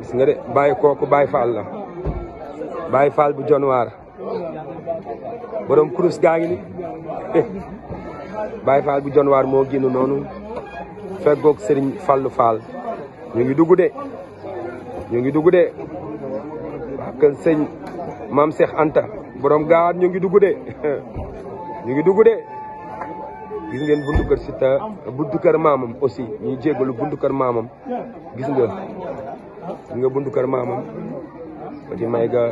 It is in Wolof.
gis nga de bàyyi kooku bàyyi faal la bàyyi faal bu jonwaar borom kurus gaa ngi ni bàyyi faal bu jonwaar moo génn noonu feggoog sëriñ fallu faal ñu ngi dugg de ñu ngi dugg de waa kër sëñ maam Cheikh Anta borom gaawaan ñu ngi dugg de ñu ngi dugg de gis ngeen buntu kër Siteu buntu kër maamam aussi ñuy jégalu buntu maamam gis nga ñu nga buntu kër maamam Mayiga